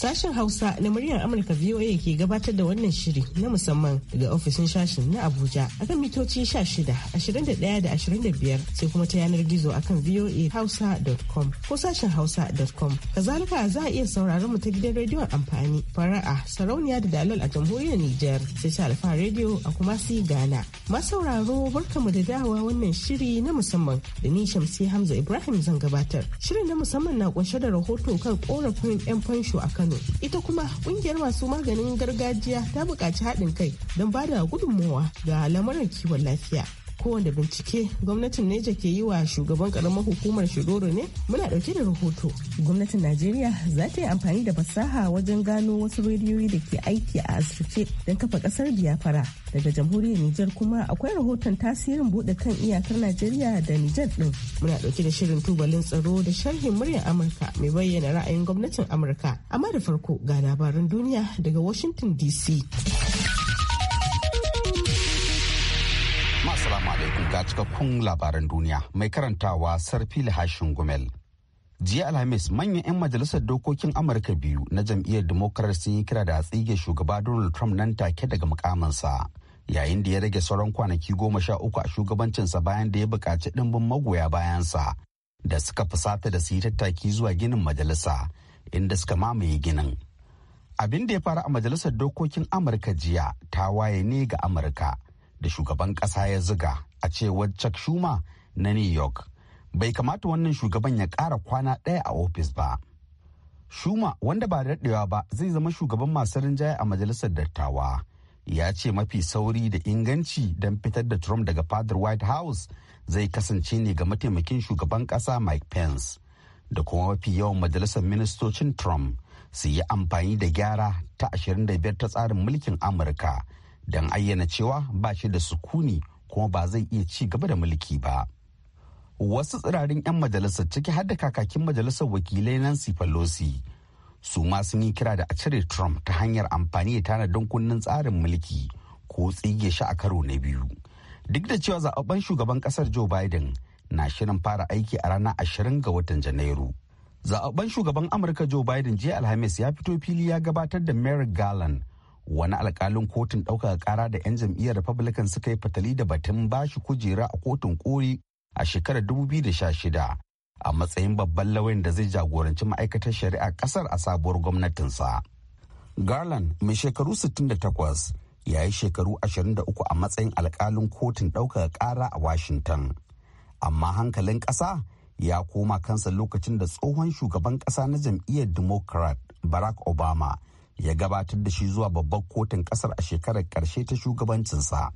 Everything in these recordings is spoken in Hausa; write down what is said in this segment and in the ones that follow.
Sashen Hausa na muryar Amurka VOA ke gabatar da wannan shiri na musamman daga ofishin sashen na Abuja akan mitoci 16, 21 da 25 sai kuma ta yanar gizo akan voahausa.com ko sashen hausa.com. Kazalika za a iya sauraron mu ta gidan rediyon amfani fara'a sarauniya da dalol a jamhuriyar Nijar sai ta alfa rediyo a kuma si Ghana. Masauraro mu da dawowa wannan shiri na musamman da ni Shamsi Hamza Ibrahim zan gabatar. Shirin na musamman na kunshe da rahoto kan korafin 'yan fansho akan Kano. Ita kuma ƙungiyar masu maganin gargajiya ta buƙaci haɗin kai don ba da gudunmawa ga lamuran kiwon lafiya. kowane bincike gwamnatin neja ke yi wa shugaban karamar hukumar shiroro ne muna dauke da rahoto gwamnatin najeriya za ta yi amfani da fasaha wajen gano wasu rediyoyi da ke aiki a asirce don kafa kasar biyafara daga jamhuriyar nijar kuma akwai rahoton tasirin bude kan iyakar najeriya da nijar din muna dauke da shirin tubalin tsaro da sharhin muryar amurka mai bayyana ra'ayin gwamnatin amurka amma da farko ga labaran duniya daga washington dc ga cikakkun labaran duniya mai karantawa sarfi lahashin gumel jiya alhamis manyan 'yan majalisar dokokin amurka biyu na jam'iyyar democrat sun yi kira da tsige shugaba donald trump nan take daga mukaminsa yayin da ya rage sauran kwanaki goma sha uku a shugabancinsa bayan da ya buƙaci ɗimbin magoya bayansa da suka fusata da su yi tattaki zuwa ginin majalisa inda suka mamaye ginin abin da ya faru a majalisar dokokin amurka jiya ta waye ne ga amurka da shugaban ƙasa ya ziga a cewar Chuck Schumer na New York. Bai kamata wannan shugaban ya ƙara kwana ɗaya a ofis ba. shuma wanda ba da daɗewa ba zai zama shugaban masu rinjaye a majalisar dattawa. Ya ce mafi sauri da inganci don fitar da Trump daga fadar White House zai kasance ne ga mataimakin shugaban ƙasa Mike Pence da kuma mafi yawan majalisar ministocin Trump su yi amfani da gyara ta 25 ta tsarin mulkin Amurka. don ayyana cewa ba shi da sukuni kuma ba zai iya ci gaba da mulki ba. Wasu tsirarin 'yan majalisar ciki har da kakakin majalisar wakilai Nancy Pelosi su ma sun yi kira da a cire Trump ta hanyar amfani da tanadin kunnen tsarin mulki ko tsige shi a karo na biyu. Duk da cewa zaɓaɓɓen shugaban ƙasar Joe Biden na shirin fara aiki a ranar 20 ga watan Janairu. Zaɓaɓɓen shugaban Amurka Joe Biden jiya Alhamis ya fito fili ya gabatar da Merrick Garland wani alkalin kotun ɗaukaka ƙara da 'yan jam'iyyar republican suka yi fatali da batun bashi kujera a kotun koli a shekarar 2016 a matsayin babban lauyan da zai jagoranci ma'aikatar shari'a ƙasar a sabuwar gwamnatinsa garland mai shekaru 68 ya yi shekaru 23 a matsayin alkalin kotun ɗaukaka ƙara a washington amma hankalin ƙasa ya koma kansa lokacin da tsohon shugaban ƙasa na jam'iyyar democrat barack obama ya gabatar da shi zuwa babbar kotun kasar a shekarar karshe ta shugabancinsa.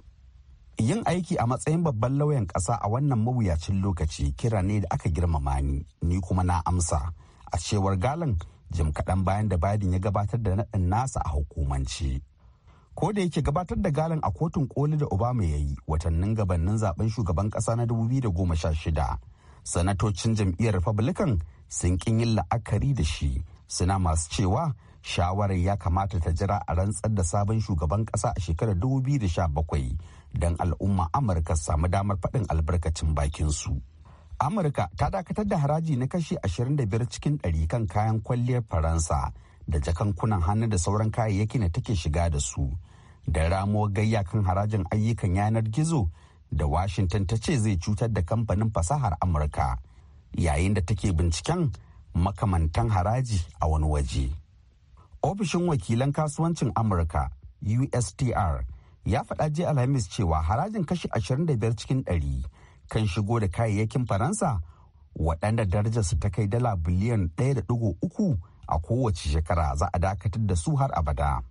Yin aiki a matsayin babban lauyan ƙasa a wannan mawuyacin lokaci kira ne da aka girmama ni, ni kuma na amsa. A cewar galan jim kaɗan bayan da Biden ya gabatar da naɗin nasa a hukumance. Ko da yake gabatar da galan a kotun koli da Obama ya yi watannin gabannin zaben shugaban ƙasa na 2016. Sanatocin jam'iyyar Republican sun ƙin yin la'akari da shi suna masu cewa shawarar ya kamata ta jira a rantsar da sabon shugaban kasa a shekarar 2017 don al'umma amurka samu damar faɗin albarkacin bakin su. amurka ta dakatar da haraji na kashi 25 cikin 100 kan kayan kwalliyar faransa da jakankunan hannu da sauran kayayyaki na take shiga da su da ramo gayya kan harajin ayyukan yanar gizo da washington ta ce zai cutar da kamfanin fasahar amurka yayin da take binciken makamantan haraji a wani waje. ofishin wakilan kasuwancin amurka ustr ya faɗa jiya alhamis cewa harajin kashi 25 cikin 100 kan shigo da kayayyakin faransa waɗanda darajarsu ta kai dala biliyan 1.3 a kowace shekara za a dakatar da su har abada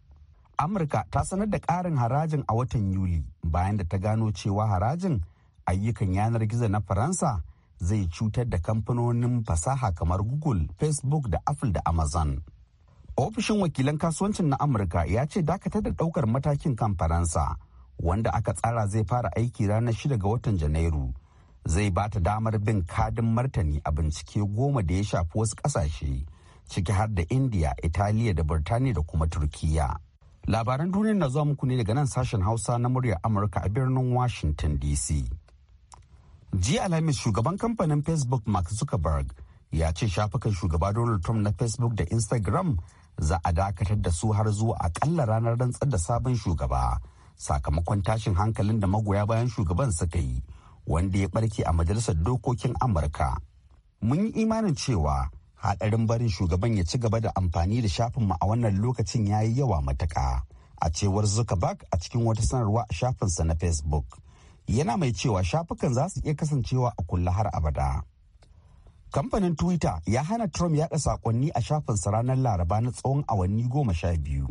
amurka ta sanar da ƙarin harajin a watan yuli bayan da ta gano cewa harajin ayyukan yanar gizo na faransa zai cutar da kamfanonin fasaha kamar google facebook da apple da amazon ofishin wakilan kasuwancin na amurka ya ce dakatar da daukar matakin kan faransa wanda aka tsara zai fara aiki ranar 6 ga watan janairu zai ba ta damar bin kadin martani a bincike goma da ya shafi wasu kasashe ciki har da indiya italiya da birtaniya da kuma turkiya labaran duniya na zuwa muku ne daga nan sashen hausa na muryar amurka a birnin washington dc jiya alhamis shugaban kamfanin facebook mark zuckerberg ya ce shafukan shugaba donald trump na facebook da instagram za a dakatar da su har zuwa akalla ranar rantsar da sabon shugaba sakamakon tashin hankalin da magoya bayan shugaban suka yi wanda ya barke a majalisar dokokin amurka mun yi imanin cewa haɗarin barin shugaban ya ci gaba da amfani da shafinmu a wannan lokacin ya yi yawa matuka a cewar zuckerberg a cikin wata sanarwa a shafinsa na facebook yana mai cewa shafukan za su iya kasancewa a kulle har abada Kamfanin Twitter ya hana Trump yaɗa sakonni a shafin ranar Laraba na tsawon awanni goma sha biyu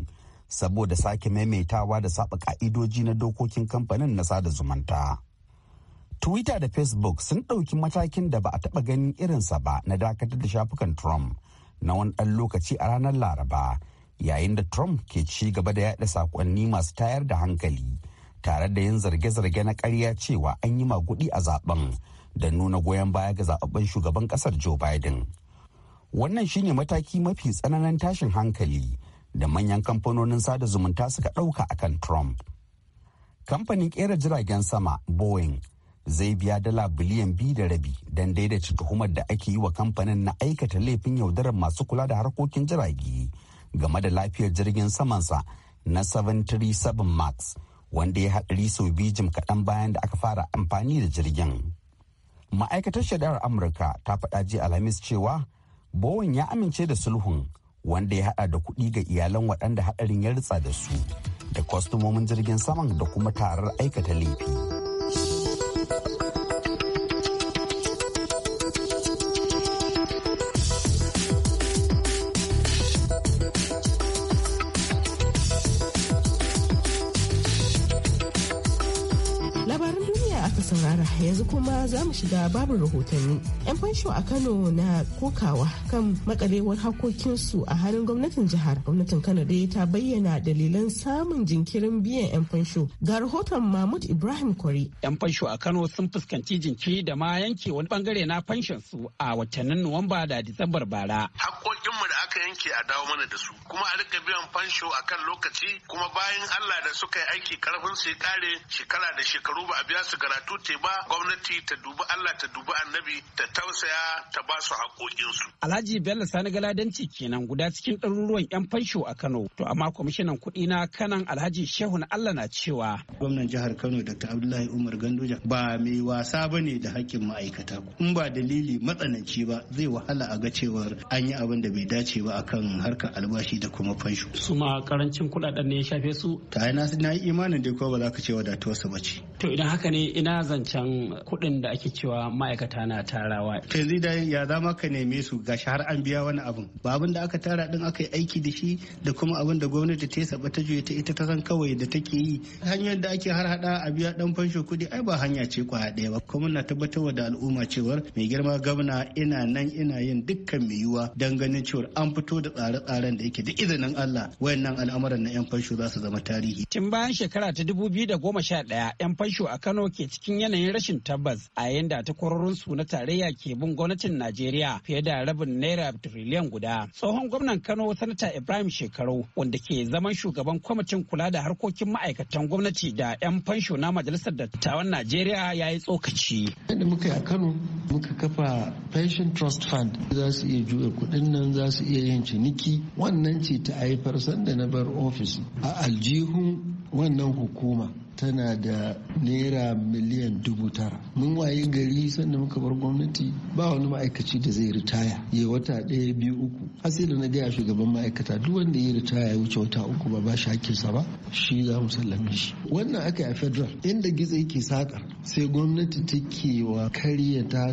saboda sake maimaitawa da saba ka'idoji na dokokin kamfanin na sada zumunta. Twitter da Facebook sun ɗauki matakin da ba a taɓa ganin irinsa ba na dakatar da shafukan Trump na wani ɗan lokaci a ranar Laraba yayin da Trump ke ci gaba da yaɗa sakonni masu tayar da hankali tare da yin zarge-zarge na ƙarya cewa an yi maguɗi a zaben. da nuna goyon baya ga zababben shugaban ƙasar joe biden wannan shine mataki mafi tsananin tashin hankali da manyan kamfanonin sada zumunta suka ɗauka a kan trump kamfanin ƙera jiragen sama boeing zai biya dala biliyan biyu da rabi don daidaita tuhumar da ake yi wa kamfanin na aikata laifin yaudarar masu kula da harkokin jirage game da lafiyar jirgin saman sa na 737 max wanda ya haɗari sau biyu jim kaɗan bayan da aka fara amfani da jirgin. ma'aikatar shari'ar amurka ta faɗa jiya alhamis cewa bowen ya amince da sulhun wanda ya haɗa da kuɗi ga iyalan waɗanda haɗarin ya ritsa da su da kwastomomin jirgin saman da kuma tarar aikata laifi kuma za mu shiga babu rahotanni. 'Yan fansho a Kano na kokawa kan makalewar hakokinsu a halin gwamnatin jihar. Gwamnatin Kano dai ta bayyana dalilan samun jinkirin biyan 'yan fansho. Ga rahoton Mahmud Ibrahim Kwari. 'Yan fansho a Kano sun fuskanci jinki da ma yanke wani bangare na fanshonsu a watannin Nuwamba da Disambar bara. Hakokinmu da aka yanke a dawo mana da su kuma a rika biyan fansho a kan lokaci kuma bayan Allah da suka yi aiki karfin su ya kare shekara da shekaru ba a biya su karatu te ba gwamnati ta dubi Allah ta dubi annabi ta tausaya ta ba su haƙoƙinsu. Alhaji Bello Sani Galadanci kenan guda cikin ɗaruruwan 'yan fansho a Kano to amma kwamishinan kuɗi na kanan Alhaji Shehu na Allah na cewa. Gwamnan jihar Kano Dr. Abdullahi Umar Ganduja ba mai wasa ba ne da hakkin ma'aikata in ba dalili matsananci ba zai wahala a ga cewar an yi abin da bai dace cewa akan harkar albashi da kuma fansho su ma karancin kudaden ne ya shafe su ta yi nasu na yi imanin dai ko ba za ka ce wadatuwar su bace to idan haka ne ina zancen kuɗin da ake cewa ma'aikata na tarawa to yanzu da ya zama ka neme su gashi har an biya wani abin ba abin da aka tara din aka yi aiki da shi da kuma abin da gwamnati ta yi saba ta juye ta ita ta san kawai da take yi hanyar da ake har hada a biya dan fansho kudi ai ba hanya ce kwaya ɗaya ba kuma na tabbatar da al'umma cewar mai girma gwamna ina nan ina yin dukkan mai yiwuwa dan ganin cewar an an fito da tsare-tsaren da yake da izinin Allah wayannan al'amuran na 'yan fansho za su zama tarihi. Tun bayan shekara ta dubu biyu da goma sha ɗaya 'yan fansho a Kano ke cikin yanayin rashin tabbas a yayin da su na tarayya ke bin gwamnatin Najeriya fiye da rabin naira tiriliyan guda. Tsohon gwamnan Kano sanata Ibrahim Shekaru wanda ke zaman shugaban kwamitin kula da harkokin ma'aikatan gwamnati da 'yan fansho na majalisar dattawan Najeriya ya yi tsokaci. Yadda muka yi a Kano muka kafa Pension Trust Fund za su iya juya kuɗin nan za su iya yin ciniki wannan ce ta haifar sanda na bar ofis a aljihun wannan hukuma tana da naira miliyan dubu tara mun waye gari sanda muka bar gwamnati ba wani ma'aikaci da zai ritaya ya wata ɗaya biyu uku har na gaya shugaban ma'aikata duk wanda ya ritaya ya wuce wata uku ba ba shi ba shi za mu sallame shi wannan aka yi a federal inda gizo yake sakar sai gwamnati take wa karya ta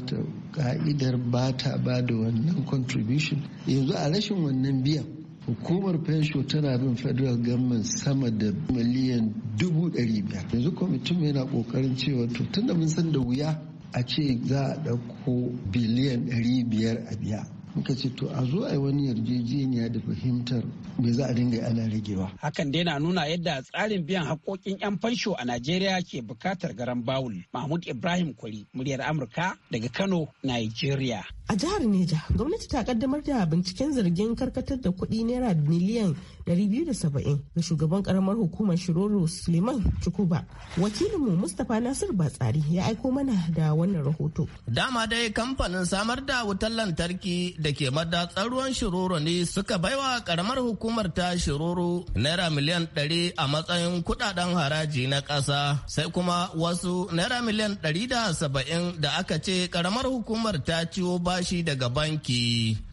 ka'idar ba ta ba da wannan contribution yanzu a rashin wannan biyan hukumar fensho tana bin federal government sama da miliyan dubu ɗari biyar yanzu kwamitin yana ƙoƙarin cewa to tunda mun san da wuya a ce za a ɗauko biliyan ɗari biyar a biya muka ce to a zo a yi wani yarjejeniya da fahimtar me za a dinga ana ragewa. Hakan dai na nuna yadda tsarin biyan haƙoƙin 'yan fansho a Najeriya ke buƙatar garan bawul. Mahmud Ibrahim Kwari, muryar Amurka daga Kano, Nigeria. A jihar Neja, gwamnati ta kaddamar da binciken zargin karkatar da kuɗi naira miliyan 270 ga shugaban karamar hukumar Shiroro Suleiman Chukuba. Wakilinmu Mustapha Nasir Batsari ya aiko mana da wannan rahoto. Dama dai kamfanin samar da wutar lantarki da ke madatsar ruwan Shiroro ne suka baiwa karamar hukumar ta Shiroro naira miliyan 100 a matsayin kuɗaɗen haraji na ƙasa sai kuma wasu naira miliyan 170 da aka ce karamar hukumar ta ciwo ba bashi daga banki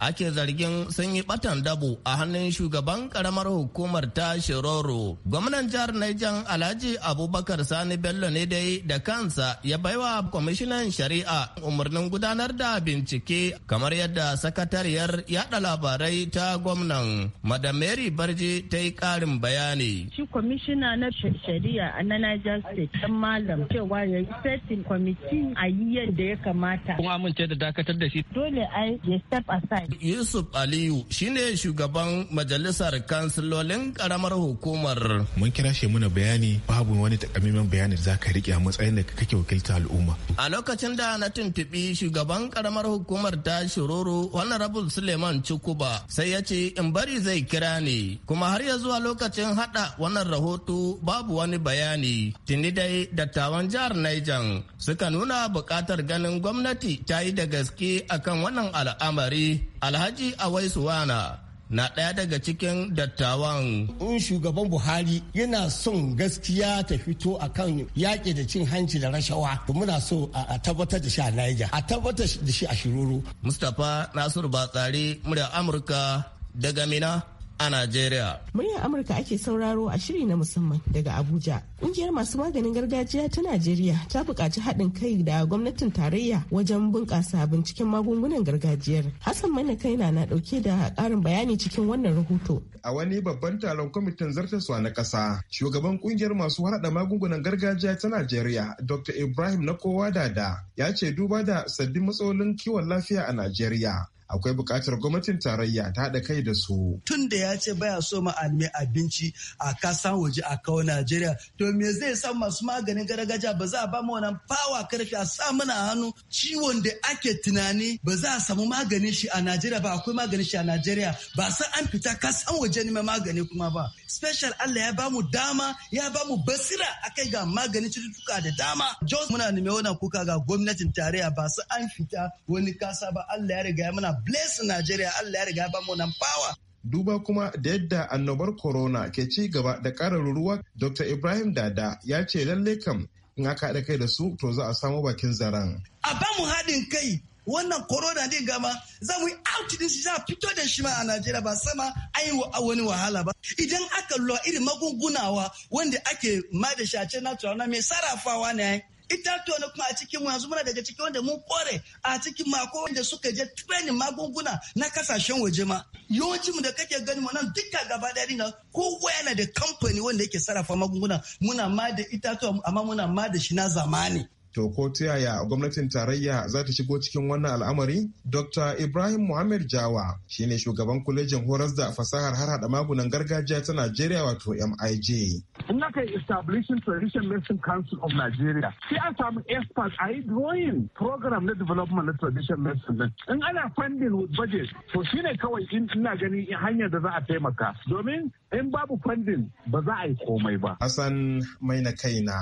ake zargin sun yi batan dabo a hannun shugaban karamar hukumar ta Shiroro. Gwamnan jihar Niger Alhaji Abubakar Sani Bello ne dai da kansa ya baiwa kwamishinan shari'a umarnin gudanar da bincike kamar yadda sakatariyar yada labarai ta gwamnan Madam Mary Barje ta yi karin bayani. Shi kwamishina na shari'a na Niger State dan malam cewa ya yi setting kwamitin a yi yadda ya kamata. kuma amince da dakatar da shi? dole ai ya step aside. Yusuf Aliyu shine shugaban majalisar kansilolin karamar hukumar. Mun kira shi muna bayani babu wani takamaiman bayanin za ka rike a matsayin da kake wakilta al'umma. A lokacin da na tuntuɓi shugaban karamar hukumar ta Shiroro Honorable Suleiman Cukuba, sai ya ce in bari zai kira ni. kuma har ya zuwa lokacin haɗa wannan rahoto babu wani bayani. Tuni dai dattawan jihar Niger suka nuna buƙatar ganin gwamnati ta yi da gaske a akan wannan al'amari alhaji awaisuwana na ɗaya daga cikin dattawan. In shugaban Buhari yana son gaskiya ta fito a kan yaƙi da cin hanci da rashawa, muna so a tabbatar da shi a Niger, a tabbatar da shi a Shiruru. Mustapha Nasiru Batsari, murya Amurka daga Mina a Najeriya. Muryar Amurka ake sauraro a shiri na musamman daga Abuja. Ƙungiyar masu maganin gargajiya ta Najeriya ta buƙaci haɗin kai da gwamnatin tarayya wajen bunƙasa binciken magungunan gargajiyar. Hassan Manna Kaina na ɗauke da ƙarin bayani cikin wannan rahoto. A wani babban taron kwamitin zartaswa na ƙasa, shugaban ƙungiyar masu haɗa magungunan gargajiya ta Najeriya, Dr. Ibrahim Nakowa Dada, ya ce duba da sabbin matsalolin kiwon lafiya a Najeriya. akwai buƙatar gwamnatin tarayya ta haɗa kai da su. Tun da ya ce baya so ma abinci a kasan waje a kawo Najeriya, to me zai sa masu maganin gargajiya ba za a ba mu wannan fawa karfi a sa mana hannu ciwon da ake tunani ba za a samu maganin shi a Najeriya ba akwai maganin shi a Najeriya ba san an fita kasan waje ne magani kuma ba. Special Allah ya ba mu dama ya ba mu basira akai ga maganin cututtuka da dama. Jos muna nemi wannan kuka ga gwamnatin tarayya ba su an fita wani kasa ba Allah ya riga ya muna bless Nigeria Allah ya riga ba mu nan power duba kuma da yadda annobar corona ke ci gaba da ƙara ruruwa dr ibrahim dada ya ce lalle kam in aka haɗa kai da su to za a samu bakin zaren a ba mu haɗin kai wannan corona din gama za mu yi out this shi za a fito da shi ma a najeriya ba sama ai yi wani wahala ba idan aka lura irin magungunawa wanda ake ma da shi a natural na mai sarrafawa ne itatuwa na kuma a cikin mu yanzu muna daga cikin wanda mun kore a cikin mako wanda suka je training magunguna na kasashen waje ma yawancinmu da kake gani mu nan duka gaba daya dinga kowa yana da kamfani wanda yake sarrafa magunguna muna ma da itatuwa amma muna ma da shi na zamani To ko ta yaya gwamnatin tarayya za ta shigo cikin wannan al'amari? Dr. Ibrahim Muhammad Jawa shine shugaban kwalejin horas da fasahar harhaɗa magunan gargajiya ta Najeriya wato MIJ. zaka yi establishing tradition medicine council of nigeria sai a samu expert a yi drawing program na development na tradition medicine din in ana funding with budget to shine kawai ina gani hanyar da za a taimaka domin in babu funding ba za a yi komai ba hassan mai na kai na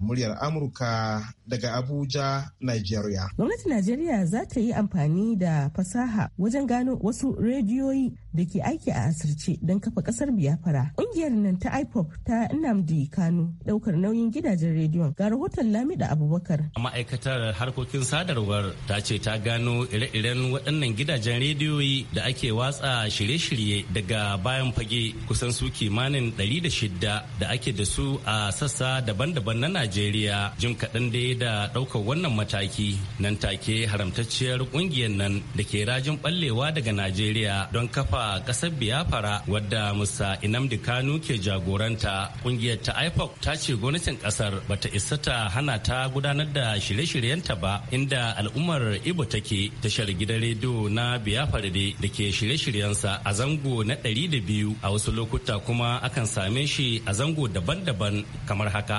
muryar Amurka daga Abuja, Nigeria. Gwamnatin nigeria za ta yi amfani da fasaha wajen gano wasu rediyoyi da ke aiki a asirce don kafa kasar biyafara kungiyar nan ta ipop ta namdi kano daukar nauyin gidajen rediyon ga rahoton lamida abubakar ma'aikatar harkokin sadarwar ta ce ta gano ire-iren waɗannan gidajen rediyoyi da ake watsa shirye-shirye daga bayan fage kusan su kimanin 106 da ake da su a sassa daban-daban na najeriya jim kaɗan dai da ɗaukar wannan mataki nan take haramtacciyar ƙungiyar nan da ke rajin ɓallewa daga najeriya don kafa a kasar biafra wadda musa inamdi kanu ke jagoranta kungiyar ta ipoc ta ce gwamnatin kasar bata isa ta hana ta gudanar da shirye-shiryenta ba inda al'ummar ibo take tashar gidan rediyo na biafra da ke shirye-shiryensa a zango na ɗari da biyu a wasu lokuta kuma akan same shi a zango daban-daban kamar haka.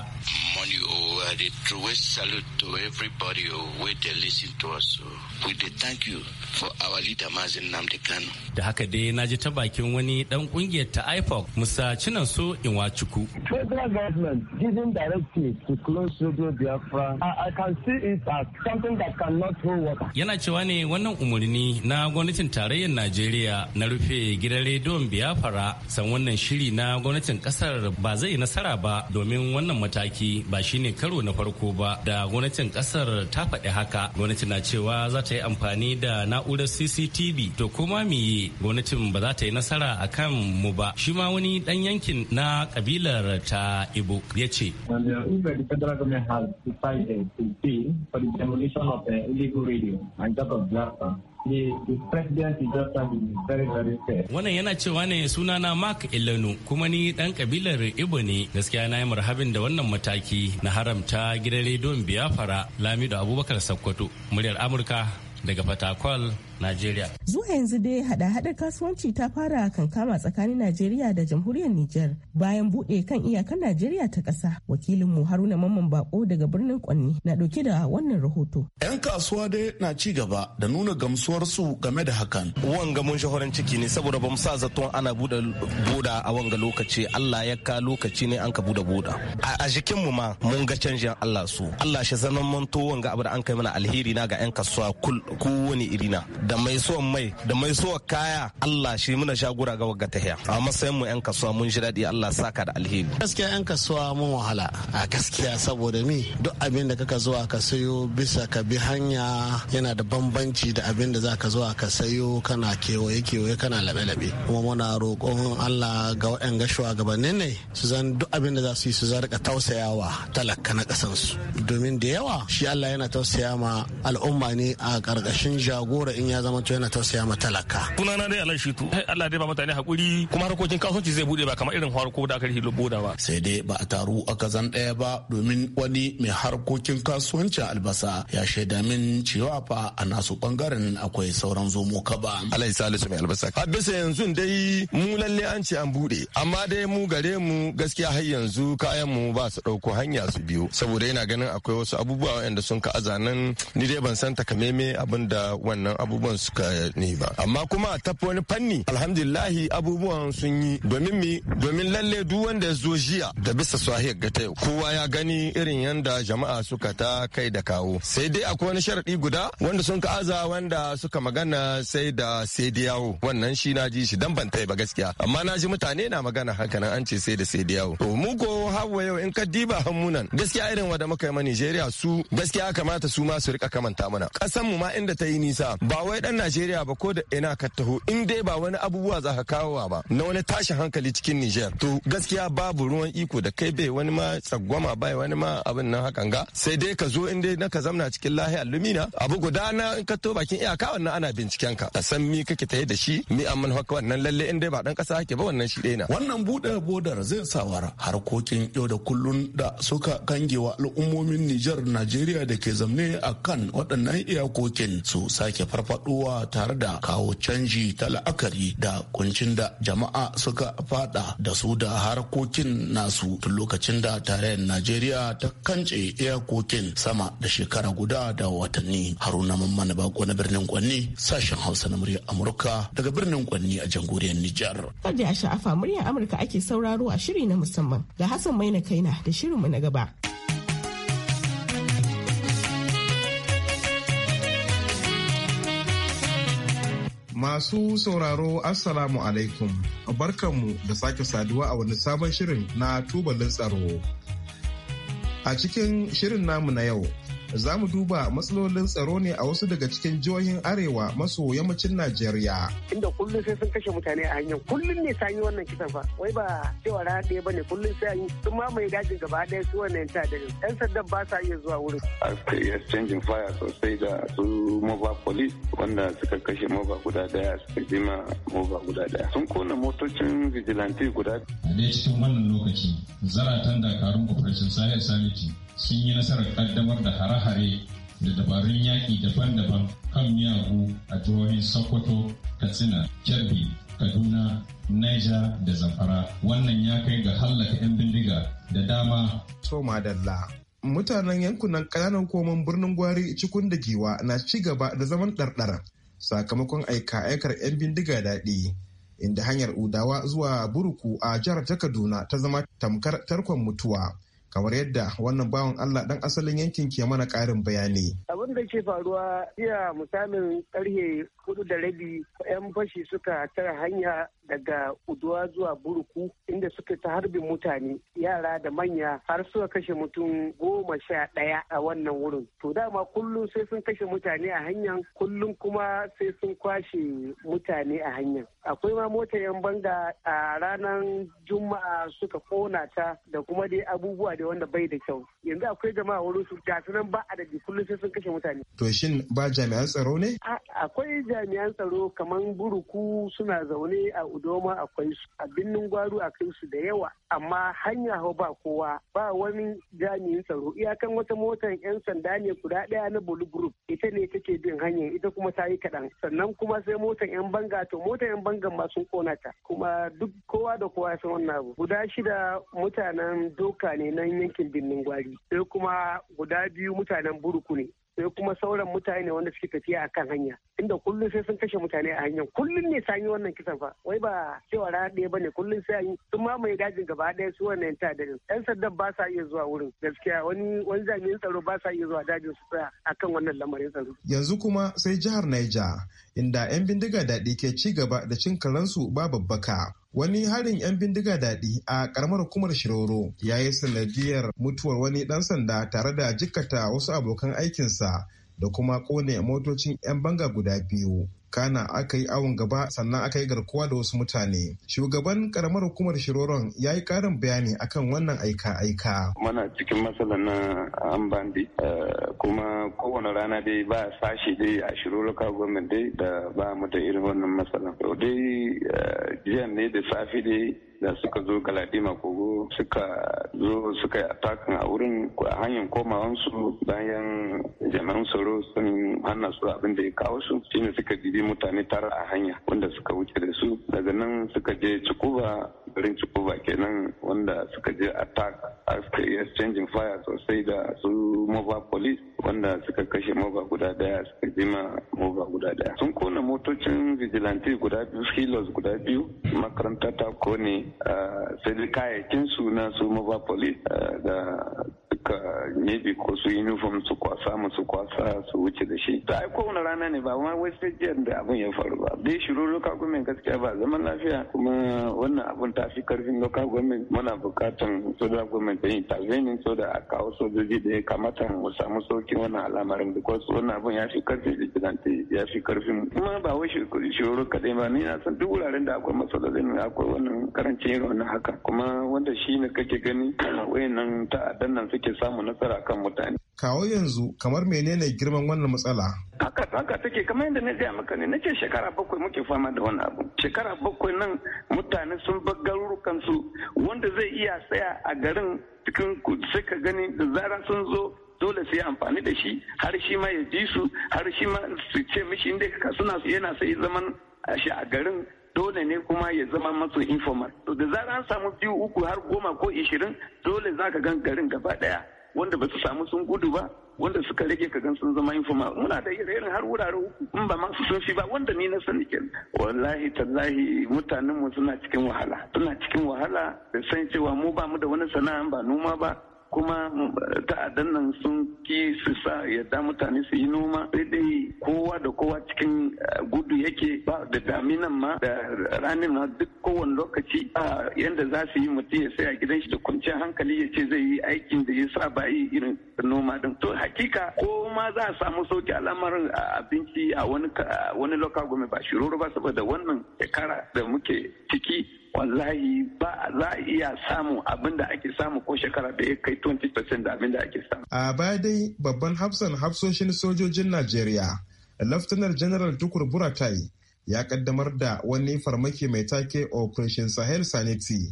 by the truest salute to everybody oh, who to listen to us. Oh, we they thank you for our leader Mazen Namde Kano. Da haka dai na ji ta bakin wani dan kungiyar ta IFOC Musa in Inwachuku. Federal government giving directive to close Radio Biafra, I, I can see it as something that cannot hold water. Yana cewa ne wannan umarni na gwamnatin tarayyar Najeriya na rufe gidan rediyon Biafra san wannan shiri na gwamnatin kasar ba zai nasara ba domin wannan mataki ba shine karo na farko ba da gwamnatin kasar ta faɗi haka gwamnatin na cewa za ta yi amfani da na'urar cctv to kuma miye gwamnatin ba za ta yi nasara a kan mu ba shi ma wani ɗan yankin na kabilar ta ibo ya ce And that Wannan yana cewa ne sunana Mark Illanu kuma ni dan kabilar Ibo ne gaskiya na yi marhabin da wannan mataki na haramta gidan rediyon Biafra Lamido Abubakar Sokoto muryar Amurka daga Fatakwal Najeriya. Zuwa yanzu dai hada-hadar kasuwanci ta fara kankama tsakanin Najeriya da jamhuriyar Nijar bayan bude kan iyakan Najeriya ta kasa Wakilin mu Haruna Mamman Bako daga birnin Kwanni na dauke da wannan rahoto. 'Yan kasuwa dai na ci gaba da nuna su game da hakan. Wanga mun shahoran ciki ne saboda ba sa zaton ana bude boda a wanga lokaci Allah ya ka lokaci ne an ka bude boda. A jikin mu ma mun ga canjin Allah su. Allah shi zanen manto wanga abu da an kai mana alheri na ga 'yan kasuwa kowane irina. da mai suwan mai da mai suwa kaya Allah shi muna shagura ga wagga hiya a matsayin mu yan kasuwa mun ji daɗi Allah saka da alheri gaskiya yan kasuwa mun wahala a gaskiya saboda mi duk abin da kaka zuwa ka sayo bisa ka bi hanya yana da bambanci da abin da zaka ka zuwa ka sayo kana kewaye kewaye kana labe labe kuma muna roƙon Allah ga waɗanga shugabannin ne su zan duk abin da za su yi su zarka tausayawa talaka na su domin da yawa shi Allah yana tausaya ma al'umma ne a ƙarƙashin jagora in ya zama to yana tausaya ma talaka na dai tu. Eh, Allah dai ba mutane hakuri kuma harkokin kasuwanci zai bude ba kamar irin harko da aka yi da ba sai dai ba a taru a kazan daya ba domin wani mai harkokin kasuwancin albasa ya shaida min cewa fa a nasu bangaren akwai sauran zomo ka ba ya salisu mai albasa a bisa yanzu dai mu lalle an ce an bude amma dai mu gare mu gaskiya har yanzu kayan mu ba su dauko hanya su biyo saboda yana ganin akwai wasu abubuwa waɗanda sun ka azanan ni dai ban san takameme abinda wannan abubuwan abubuwan suka ne ba amma kuma a tafi wani fanni alhamdulillahi abubuwan sun yi domin mi domin lalle duk wanda ya zo jiya da bisa swahiyar gata kowa ya gani irin yanda jama'a suka ta kai da kawo sai dai akwai wani sharadi guda wanda sun aza wanda suka magana sai da sai da yawo wannan shi na ji shi dan ban tai ba gaskiya amma na ji mutane na magana haka nan an ce sai da sai da yawo to mu ko hawa yau in ka diba hannunan gaskiya irin wanda muka yi ma Nigeria su gaskiya kamata su ma su rika kamanta mana kasan mu ma inda ta yi nisa ba wai dan Najeriya ba ko da ina ka taho in dai ba wani abubuwa za ka kawo ba na wani tashin hankali cikin Niger to gaskiya babu ruwan iko da kai bai wani ma tsagwama bai wani ma abin nan hakan ga sai dai ka zo in dai na ka zamna cikin lahiya lumina abu guda na in ka to bakin iyaka wannan ana binciken ka a san mi kake tayi da shi mi man haka wannan lalle in dai ba dan kasa kake ba wannan shi dai na wannan buɗe bodar zai sawara harkokin yau da kullun da suka kangewa al'ummomin Niger Najeriya da ke zamne a kan waɗannan iyakokin su sake farfaɗa. farfaɗowa tare da kawo canji ta la'akari da kuncin da jama'a suka fada da su da harkokin nasu tun lokacin da tarayyar najeriya ta kance iyakokin sama da shekara guda da watanni haruna mamman bako na birnin kwanni sashen hausa na murya amurka daga birnin kwanni a jamhuriyar nijar kada sha'afa muryar amurka ake sauraro a shiri na musamman ga hassan maina kaina da shirinmu na gaba. Masu sauraro Assalamu alaikum, barkanmu da sake saduwa a wani sabon shirin na tubalin tsaro. A cikin shirin namu na yau, za mu duba matsalolin tsaro ne a wasu daga cikin jihohin arewa maso yammacin Najeriya. Inda kullum sai sun kashe mutane a hanyar kullum ne ta yi wannan kisan fa wai ba cewa rana ɗaya ne kullum sai yi sun mamaye dajin gaba ɗaya su wannan ta da yan sandan ba sa iya zuwa wurin. A exchanging fire sosai da su mova police wanda suka kashe mova guda daya suka jima mova guda daya sun kona motocin vigilante guda. A cikin wannan lokaci zaratan dakarun operation sahel sanity sun yi nasarar kaddamar da hare-hare da dabarun yaƙi daban-daban kan miyagu a jihohin sokoto katsina kirby kaduna niger da zamfara wannan ya kai ga hallaka 'yan bindiga da dama to Dalla, mutanen yankunan ƙananan koman birnin gwari cikun da giwa na ci gaba da zaman ɗarɗar sakamakon aika-aikar 'yan bindiga daɗi inda hanyar udawa zuwa buruku a jihar ta kaduna ta zama tamkar tarkon mutuwa kamar yadda wannan bawan Allah dan asalin yankin ke mana karin bayani. Abin da ke faruwa iya misalin karhe hudu da rabi yan fashi suka tara hanya daga uduwa zuwa buruku inda suka ta harbin mutane yara da manya har suka kashe mutum goma sha ɗaya a wannan wurin to dama kullum sai sun kashe mutane a hanyar kullum kuma sai sun kwashe mutane a hanyar akwai ma mota yan banga a ranar juma'a suka kona ta da kuma dai abubuwa da wanda bai da kyau yanzu akwai jama'a wurin su ga nan ba adadi kullum sai sun kashe mutane to shin ba jami'an tsaro ne akwai jami'an tsaro kamar buruku suna zaune a doma akwai su a birnin gwaru akwai su da yawa amma hanya hau ba kowa ba wani jami'in tsaro iyakan wata motar yan sanda ne guda daya na bulu group ita ne take bin hanyar ita kuma ta yi kaɗan sannan kuma sai motar yan banga to motar yan banga ma sun kona ta kuma duk kowa da kowa san wannan abu guda shida mutanen doka ne nan yankin birnin gwari sai kuma guda biyu mutanen buruku ne sai kuma sauran mutane wanda suke tafiya akan hanya inda kullum sai sun kashe mutane a hanyar kullum ne sanyi wannan kisan fa wai ba cewa rana ɗaya bane kullum sai anyi sun mamaye dajin gaba ɗaya su wannan ta da yan sandan ba sa iya zuwa wurin gaskiya wani wani jami'in tsaro ba sa iya zuwa dajin su tsaya akan wannan lamarin tsaro yanzu kuma sai jihar Niger inda yan bindiga daɗi ke ci gaba da cin karansu ba babbaka wani harin 'yan bindiga daɗi a karamar hukumar shiroro ya yi sanadiyar mutuwar wani ɗan sanda tare da jikkata wasu abokan aikinsa da kuma ƙone motocin 'yan banga guda biyu kana aka yi awon gaba sannan aka yi garkuwa da wasu mutane shugaban karamar hukumar shiroron ya yi karin bayani akan wannan aika-aika mana cikin matsala na ah, an bandi eh, kuma kowane rana dai ba sashi dai a shiroroka gwamnati dai da ba mu da irin wannan matsala dai eh, jiya ne da safe dai da suka zo galadima kogo suka zo suka yi atakan a wurin a hanyar komawansu bayan jami'an tsaro sun hana su abin da ya kawo su shine suka jibi mutane tara a hanya wanda suka wuce da su daga nan suka je cikuba garin cikuba kenan wanda suka je attack yi exchanging fire sosai da su mova police wanda suka kashe mova guda daya suka jima mova guda daya sun kona motocin vigilante guda biyu hilos guda biyu makaranta ta kone Eh, sai kayayyakin su na su mobile police eh, da suka nebe ko su uniform su kwasa mu su kwasa su wuce da shi Ta aiko wani rana ne ba ma wasu jiyar da abun ya faru ba dai shiru local government gaskiya ba zaman lafiya kuma wannan abun ta fi karfin local government muna bukatan federal government ta intervening so da a kawo sojoji da ya kamata mu samu sauki wannan al'amarin because wannan abun ya fi karfin vigilante ya fi karfin kuma ba wai shiru kadai ba ni na san duk wuraren da akwai matsalolin akwai wannan karancin irin wannan haka kuma wanda shi ne kake gani wayannan ta'addan nan suke ake samun nasara kan mutane. Kawo yanzu kamar menene girman wannan matsala? Haka haka take kamar yadda na gaya maka ne na ce shekara bakwai muke fama da wani abu. Shekara bakwai nan mutane sun bar garurukan su wanda zai iya tsaya a garin cikin sai ka gani da zara sun zo dole su yi amfani da shi har shi ma ya ji su har shi ma su ce mishi inda suna yana sai zaman shi a garin dole ne kuma ya zama masu informal to da zarar an samu biyu uku har goma ko ishirin dole za ka gan garin gaba daya wanda ba su samu sun gudu ba wanda suka rage ka gan sun zama informal muna da irin har wurare uku in ba masu sun fi ba wanda ni na sani ke wallahi tallahi mutanen suna cikin wahala suna cikin wahala da san cewa mu ba mu da wani sana'a ba noma ba kuma ta'addan nan sun ki su sa yadda mutane su yi noma Sai dai kowa da kowa cikin eh, gudu yake ba da daminan ma da ranin ma duk kowane lokaci a yadda za su yi mutum ya sai a gidan shi da kwanciyar hankali ya ce zai yi aikin da ya sa ba yi irin noma din to hakika ko ma za a samu sauki al'amarin abinci a wani lokacin ba shiroro ba saboda wannan shekara da muke ciki wallahi ba za a iya samun abin da ake samu ko shekara da ya kai 20% da abin da ake samu. A baya dai babban hafsan hafsoshin sojojin Najeriya, Laftanar General Tukur Buratai ya kaddamar da wani farmaki mai take Operation Sahel Sanity.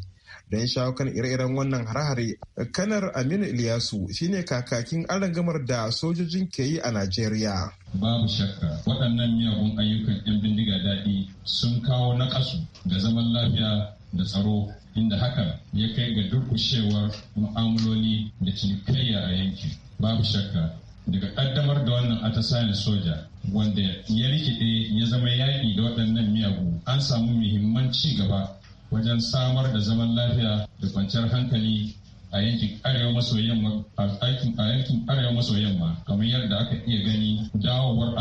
don shawo kan ire-iren wannan hare kanar aminu iliyasu shine kakakin arangamar da sojojin ke yi a najeriya babu shakka waɗannan miyagun ayyukan 'yan bindiga daɗi sun kawo naƙasu da zaman lafiya da tsaro inda haka ya kai ga durkushewar mu'amaloli da cinikayya a yanki babu shakka daga kaddamar da wannan atasayin soja wanda ya rikide ya zama yaƙi da waɗannan miyagu an samu muhimman ci gaba wajen samar da zaman lafiya da kwanciyar hankali a yankin arewa maso yamma a yankin arewa maso yamma kamar yadda aka iya gani dawowar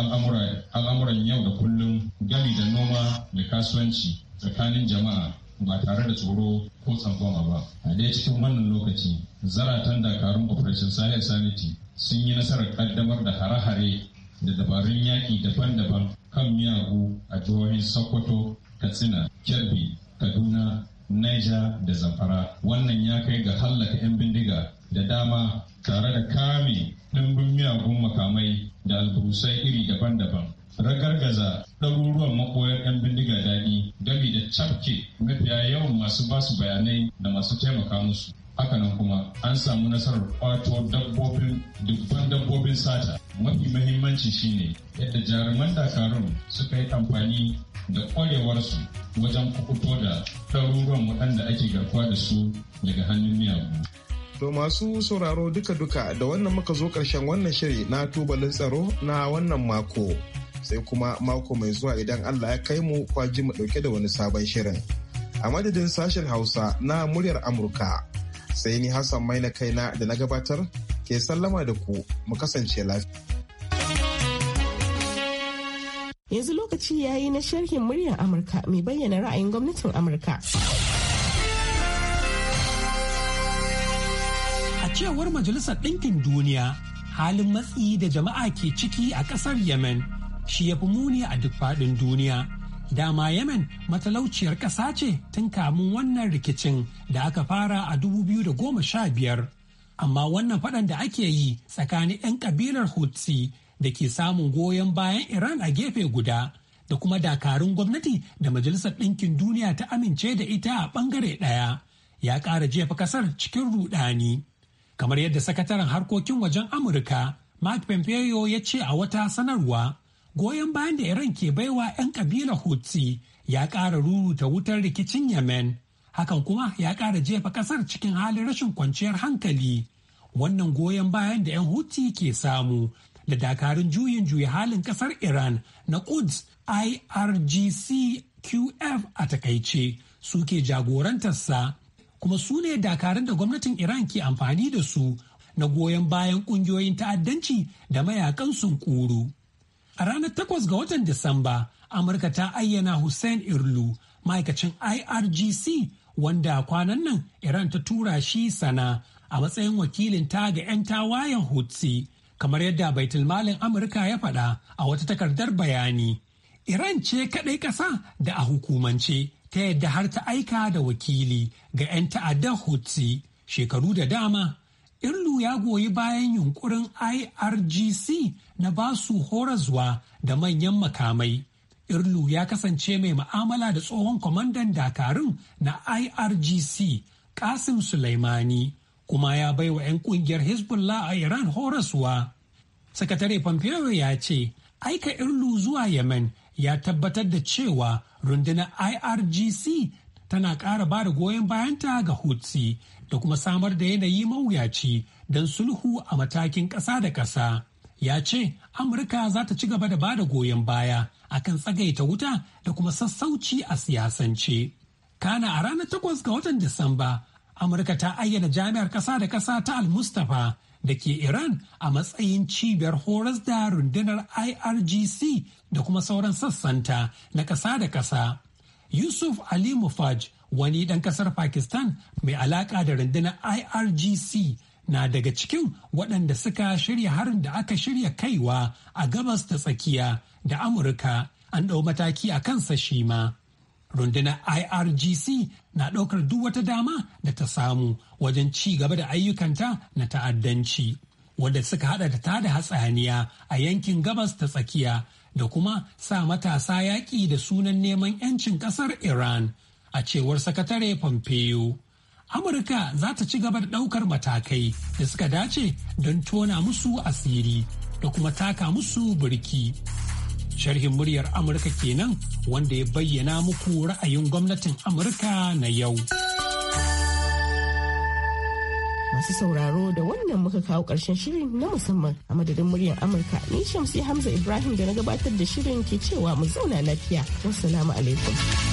al'amuran yau da kullum gami da noma da kasuwanci tsakanin jama'a ba tare da tsoro ko tsangwama ba a dai cikin wannan lokaci zaratan dakarun operation sahel sanity sun yi nasarar kaddamar da hare-hare da dabarun yaƙi daban-daban kan miyagu a jihohin sokoto katsina kirby kaduna niger da zamfara wannan ya kai ga hallaka 'yan bindiga da dama tare da kame ɗimbin miyagun makamai da alburusai iri daban-daban ragar gaza ɗaruruwan makoyar 'yan bindiga daɗi gami da cafke mafiya yawan masu basu bayanai da masu taimaka musu hakanan kuma an samu nasarar kwato dabbobin dubban dabbobin sata mafi mahimmanci shine yadda jaruman dakarun suka yi amfani da kwarewarsu wajen kukuto da ɗaruruwan waɗanda ake garkuwa da su daga hannun miyagu. To masu sauraro duka-duka da wannan muka zo ƙarshen wannan shiri na tubalin tsaro na wannan mako. Sai kuma mako mai zuwa idan Allah ya kai mu kwaji mu ɗauke da wani sabon shirin. A madadin sashen Hausa na muryar Amurka. sai ni hassan mai na kaina da na gabatar ke sallama da ku mu kasance lafiya yanzu lokaci ya yi na sharhin muryar amurka mai bayyana ra'ayin gwamnatin amurka a cewar majalisar ɗinkin duniya halin matsi da jama'a ke ciki a ƙasar yemen shi ya fi muni a duk faɗin duniya dama yemen matalauciyar ƙasa ce tun kamun wannan rikicin da aka fara a 2015 amma wannan faɗan da ake yi tsakanin 'yan ƙabilar hutsi da ke samun goyon bayan iran a gefe guda da kuma dakarun gwamnati da majalisar ɗinkin duniya ta amince da ita a ɓangare ɗaya ya ƙara jefa ƙasar cikin rudani kamar yadda sakataren harkokin wajen amurka mark pompeo ya ce a wata sanarwa goyon bayan da Iran ke baiwa 'yan kabila Hutsi ya ƙara ruruta wutar rikicin Yemen. Hakan kuma ya ƙara jefa ƙasar cikin halin rashin kwanciyar hankali. Wannan goyon bayan da 'yan Hutsi ke samu da dakarun juyin juya halin ƙasar Iran na Quds IRGC-QF a takaice suke jagorantarsa kuma su ne dakarun da gwamnatin Iran ke amfani da su na goyon bayan ƙungiyoyin ta'addanci da mayakan sun A ranar takwas ga watan Disamba, Amurka ta ayyana Hussein Irlu, ma'aikacin IRGC wanda kwanan nan Iran ta tura shi sana a matsayin wakilin ta ga 'yan tawayen Hutsi, kamar yadda baitulmalin Amurka ya faɗa a wata takardar bayani. Iran ce kaɗai ƙasa da a hukumance ta yadda har ta aika da wakili ga 'yan ta'addar Hutsi shekaru da dama Irlu ya goyi bayan yunkurin IRGC na basu horaswa da manyan makamai. Irlu ya kasance mai ma'amala da tsohon kwamandan dakarun na IRGC Kasim Suleimani kuma ya baiwa 'yan kungiyar Hezbollah a Iran horaswa. Sakatare Pompeo ya ce, aika Irlu zuwa Yemen ya tabbatar da cewa rundunar IRGC tana ƙara ba da goyon bayanta ga Hutsi da kuma samar da yanayi mawuyaci don sulhu a matakin ƙasa da ƙasa. Ya ce Amurka za ta ci gaba da ba da goyon baya akan tsagaita wuta da kuma sassauci a siyasance. Kana a ranar takwas ga watan Disamba, Amurka ta ayyana jami'ar ƙasa da ƙasa ta Al-Mustapha da ke Iran a matsayin cibiyar horas da rundunar IRGC da kuma sauran sassanta na ƙasa da ƙasa. Yusuf Ali Mufaj wani ɗan ƙasar Pakistan mai alaƙa da rundunar IRGC na daga cikin waɗanda suka shirya harin da aka shirya kaiwa a gabas ta tsakiya da Amurka an ɗau mataki a kansa shi ma. Rundunar IRGC na ɗaukar duk wata dama da ta samu wajen ci gaba da ayyukanta na ta'addanci. Wanda suka hada da tada hatsaniya a yankin gabas ta tsakiya da kuma sa matasa yaƙi da sunan neman 'yancin ƙasar Iran, a cewar Sakatare Pompeo. Amurka za ta ci gaba da ɗaukar matakai da suka dace don tona musu asiri da kuma taka musu birki. Sharhin muryar Amurka kenan wanda ya bayyana muku ra'ayin gwamnatin Amurka na yau. masu sauraro da wannan muka kawo ƙarshen shirin na musamman a madadin muryar amurka ni shamsi hamza ibrahim da na gabatar da shirin ke cewa mu zauna lafiya Wasu alaikum alaikum